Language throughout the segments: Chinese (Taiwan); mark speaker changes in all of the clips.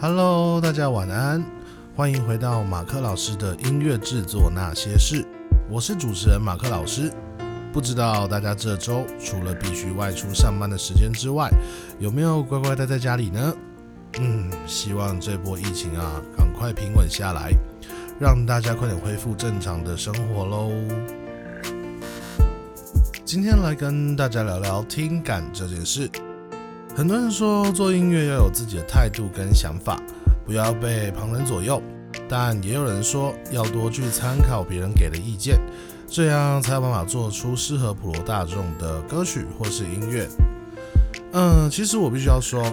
Speaker 1: Hello，大家晚安，歡迎回到馬克老師的音樂製作那些事。我是主持人馬克老師。不知道大家這週除了必須外出上班的時間之外，有沒有乖乖待在家裡呢？嗯，希望這波疫情啊，趕快平穩下來，讓大家快點恢復正常的生活嘍。今天來跟大家聊聊聽感這件事。很多人說做音樂要有自己的態度跟想法，不要被旁人左右，但也有人說要多去參考別人給的意見，這樣才有辦法做出適合普羅大眾的歌曲或是音樂。嗯，其實我必須要說，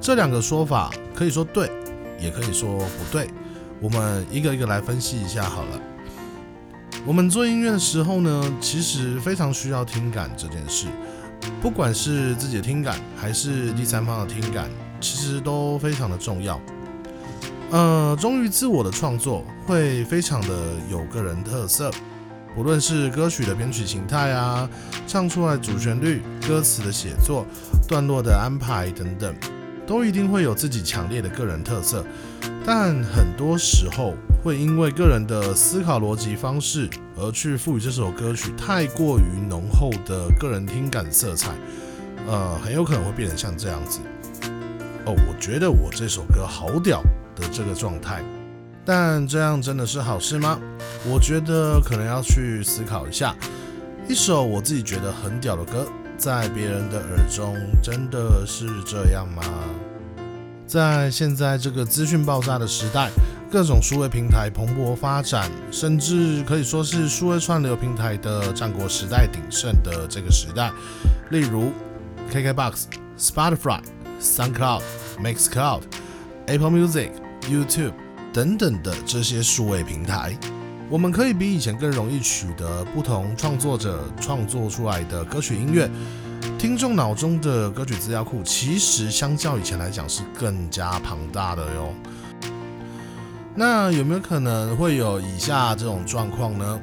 Speaker 1: 這兩個說法可以說對，也可以說不對。我們一個一個來分析一下好了。我們做音樂的時候呢，其實非常需要聽感這件事。不管是自己的聽感，還是第三方的聽感，其實都非常的重要。呃，忠於自我的創作會非常的有個人特色，不論是歌曲的編曲形態啊、唱出來主旋律、歌詞的寫作、段落的安排等等。都一定會有自己強烈的個人特色，但很多時候會因為個人的思考邏輯方式而去賦予這首歌曲太過於濃厚的個人聽感色彩，呃，很有可能會變成像這樣子。哦，我覺得我這首歌好屌的這個狀態，但這樣真的是好事嗎？我覺得可能要去思考一下。一首我自己覺得很屌的歌。在別人的耳中，真的是這樣嗎？在現在這個資訊爆炸的時代，各種數位平台蓬勃發展，甚至可以說是數位串流平台的戰國時代鼎盛的這個時代。例如，KKBOX、Spotify、SoundCloud、Mixcloud、Apple Music、YouTube 等等的這些數位平台。我們可以比以前更容易取得不同創作者創作出來的歌曲音樂，聽眾腦中的歌曲資料庫其實相較以前來講是更加龐大的喲。那有沒有可能會有以下這種狀況呢？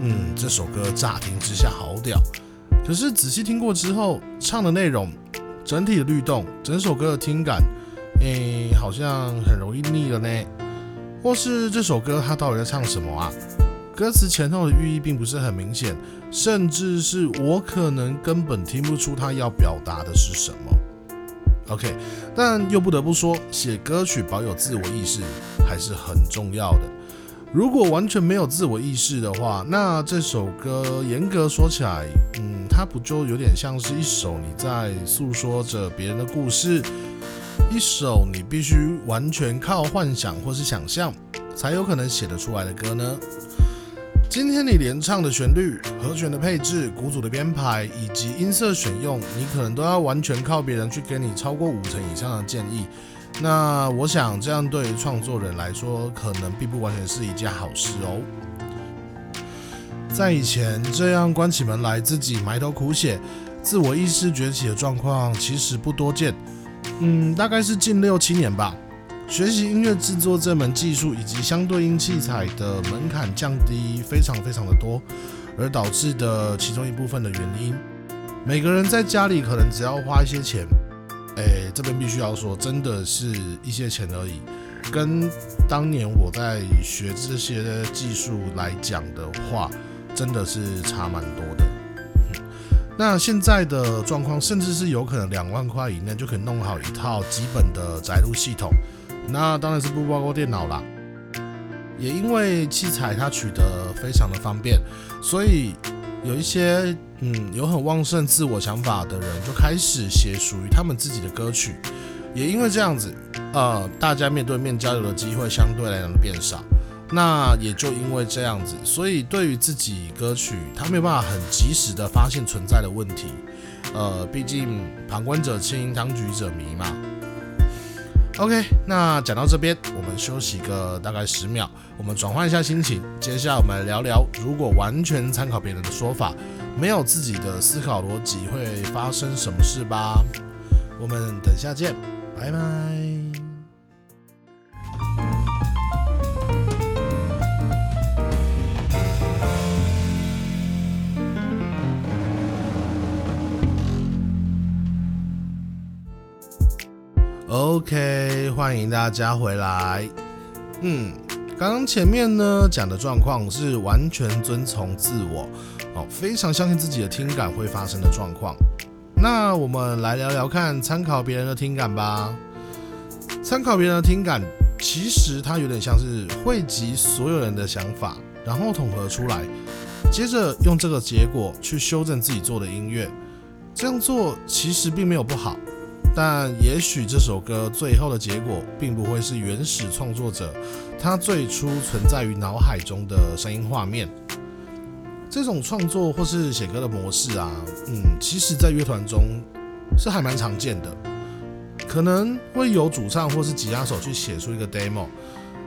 Speaker 1: 嗯，這首歌乍聽之下好屌，可是仔細聽過之後，唱的內容、整體的律動、整首歌的聽感，誒，好像很容易膩了呢。或是這首歌它到底在唱什麼啊？歌詞前後的寓意並不是很明顯，甚至是我可能根本聽不出它要表達的是什麼。OK，但又不得不說，寫歌曲保有自我意識還是很重要的。如果完全沒有自我意識的話，那這首歌嚴格說起來，嗯，它不就有點像是一首你在訴說着別人的故事？一首你必須完全靠幻想或是想象才有可能寫得出來的歌呢？今天你連唱的旋律、和弦的配置、鼓組的編排以及音色選用，你可能都要完全靠別人去給你超過五成以上的建議。那我想，這樣對於創作人來說，可能並不完全是一件好事哦。在以前，這樣關起門來自己埋頭苦寫、自我意識崛起的狀況，其實不多見。嗯，大概是近六七年吧。學習音樂制作這門技術以及相對應器材的門檻降低非常非常的多，而導致的其中一部分的原因。每個人在家裡可能只要花一些錢，哎、欸，這邊必須要說，真的是一些錢而已。跟當年我在學這些技術來講的話，真的是差蠻多的。那現在的狀況，甚至是有可能兩萬塊以內就可以弄好一套基本的宅錄系統，那當然是不包括電腦啦。也因為器材它取得非常的方便，所以有一些嗯，有很旺盛自我想法的人就開始寫屬於他們自己的歌曲。也因為這樣子，呃，大家面對面交流的機會相對來講變少。那也就因為這樣子，所以對於自己歌曲，他沒有辦法很及時的發現存在的問題。呃，畢竟旁觀者清，當局者迷嘛。OK，那講到這邊，我們休息個大概十秒，我們轉換一下心情。接下來我們來聊聊，如果完全參考別人的說法，沒有自己的思考邏輯，會發生什麼事吧？我們等下見，拜拜。歡迎大家回來。嗯，剛剛前面呢講的狀況是完全遵從自我，哦，非常相信自己的聽感會發生的狀況。那我們來聊聊看，參考別人的聽感吧。參考別人的聽感，其實它有點像是匯集所有人的想法，然後統合出來，接着用這個結果去修正自己做的音樂。這樣做其實並沒有不好。但也許這首歌最後的結果，並不會是原始創作者他最初存在於腦海中的聲音畫面。這種創作或是寫歌的模式啊，嗯，其實在樂團中是還蠻常見的。可能會有主唱或是吉他手去寫出一個 demo，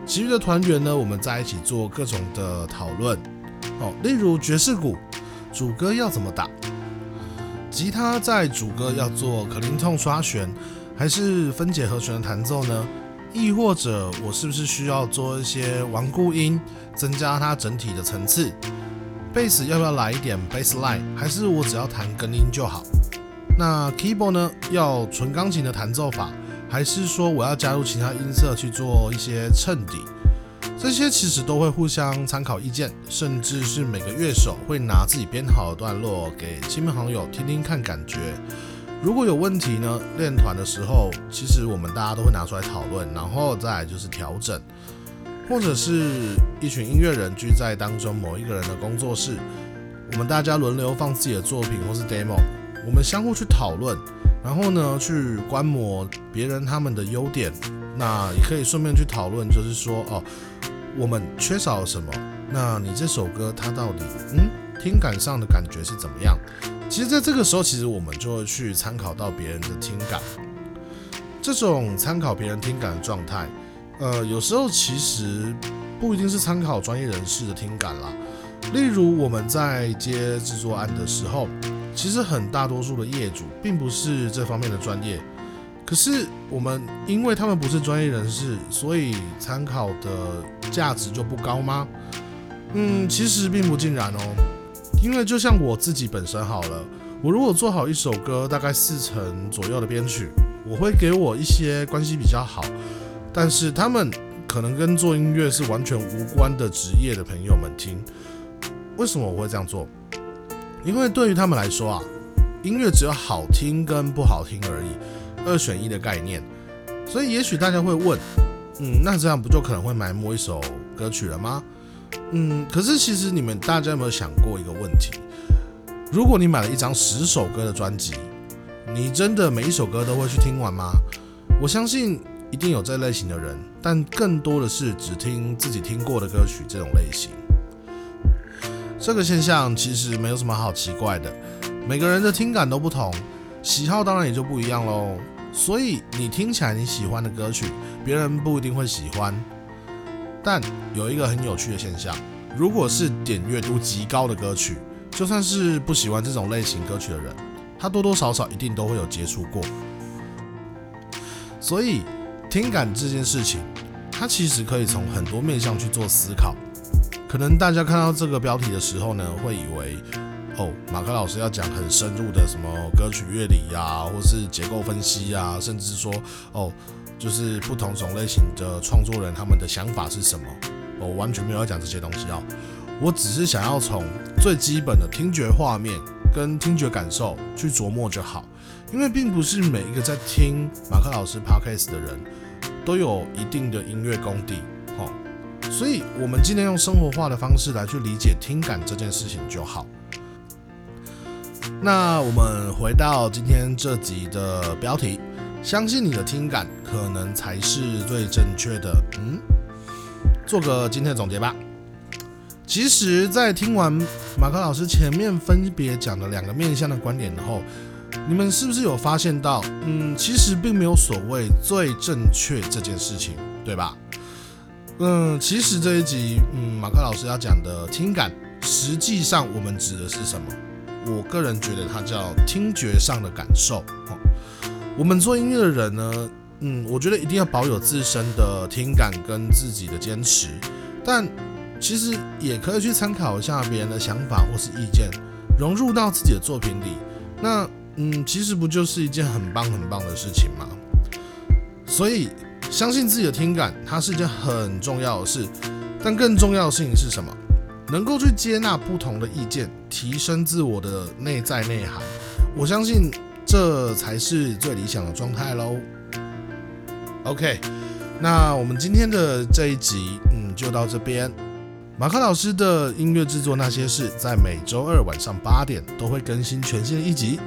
Speaker 1: 其餘的團員呢，我們在一起做各種的討論。哦，例如爵士鼓，主歌要怎麼打？吉他在主歌要做 clean tone 刷弦，還是分解和弦的彈奏呢？亦或者我是不是需要做一些頑固音，增加它整體的層次？貝斯要不要來一點 bass line，還是我只要彈根音就好？那 keyboard 呢？要純鋼琴的彈奏法，還是說我要加入其他音色去做一些襯底？這些其實都會互相參考意見，甚至是每個樂手會拿自己編好的段落給親朋好友聽聽看感覺。如果有問題呢，練團的時候，其實我們大家都會拿出來討論，然後再來就是調整，或者是一群音樂人聚在當中某一個人的工作室，我們大家輪流放自己的作品或是 demo，我們相互去討論，然後呢去觀摩別人他們的優點。那也可以順便去討論，就是說，哦，我們缺少什麼？那你這首歌它到底，嗯，聽感上的感覺是怎麼樣？其實，在這個時候，其實我們就會去參考到別人的聽感。這種參考別人聽感的狀態，呃，有時候其實不一定是參考專業人士的聽感啦。例如，我們在接制作案的時候，其實很大多數的業主並不是這方面的專業。可是我們因為他們不是專業人士，所以參考的價值就不高嗎？嗯，其實並不盡然哦。因為就像我自己本身好了，我如果做好一首歌，大概四成左右的編曲，我會給我一些關係比較好，但是他們可能跟做音樂是完全無關的職業的朋友們聽。為什麼我會這樣做？因為對於他們來說啊，音樂只有好聽跟不好聽而已。二選一的概念，所以也許大家會問，嗯，那這樣不就可能會埋沒一首歌曲了嗎？嗯，可是其實你們大家有沒有想過一個問題？如果你買了一張十首歌的專輯，你真的每一首歌都會去聽完嗎？我相信一定有這類型的人，但更多的是只聽自己聽過的歌曲這種類型。這個現象其實沒有什麼好奇怪的，每個人的聽感都不同，喜好當然也就不一樣嘍。所以你聽起來你喜歡的歌曲，別人不一定會喜歡但。但有一個很有趣的現象，如果是點閱度極高的歌曲，就算是不喜歡這種類型歌曲的人，他多多少少一定都會有接觸過。所以聽感這件事情，它其實可以從很多面向去做思考。可能大家看到這個標題的時候呢，會以為。哦，馬克老師要講很深入的什麼歌曲樂理呀、啊，或是結構分析呀、啊，甚至說哦，就是不同種類型的創作人他們的想法是什麼？哦，我完全沒有要講這些東西哦，我只是想要從最基本的聽覺畫面跟聽覺感受去琢磨就好，因為並不是每一個在聽馬克老師 Podcast 的人都有一定的音樂功底，哦，所以我們儘量用生活化的方式來去理解聽感這件事情就好。那我們回到今天這集的標題，相信你的聽感可能才是最正確的。嗯，做個今天的總結吧。其實，在聽完馬克老師前面分別講的兩個面向的觀點後，你們是不是有發現到，嗯，其實並沒有所謂最正確這件事情，對吧？嗯，其實這一集，嗯，馬克老師要講的聽感，實際上我們指的是什麼？我個人覺得它叫聽覺上的感受。我們做音樂的人呢，嗯，我覺得一定要保有自身的聽感跟自己的堅持，但其實也可以去參考一下別人的想法或是意見，融入到自己的作品裡。那，嗯，其實不就是一件很棒很棒的事情嗎？所以，相信自己的聽感，它是一件很重要的事。但更重要的事情是什麼？能夠去接納不同的意見，提升自我的內在內涵，我相信這才是最理想的狀態嘍。OK，那我們今天的這一集，嗯，就到這邊。馬克老師的音樂製作那些事，在每週二晚上八點都會更新全新的一集。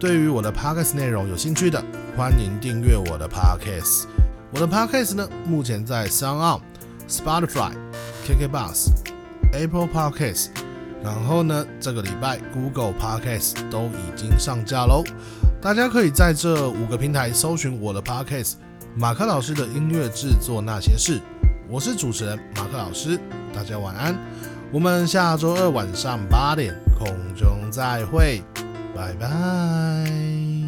Speaker 1: 對於我的 podcast 內容有興趣的，歡迎訂閱我的 podcast。我的 podcast 呢，目前在 Sound On、Spotify、KK Bus。Apple Podcast，然後呢，這個禮拜 Google Podcast 都已經上架嘍。大家可以在這五個平台搜尋我的 Podcast《馬克老師的音樂製作那些事》。我是主持人馬克老師，大家晚安。我們下周二晚上八點空中再會。拜拜。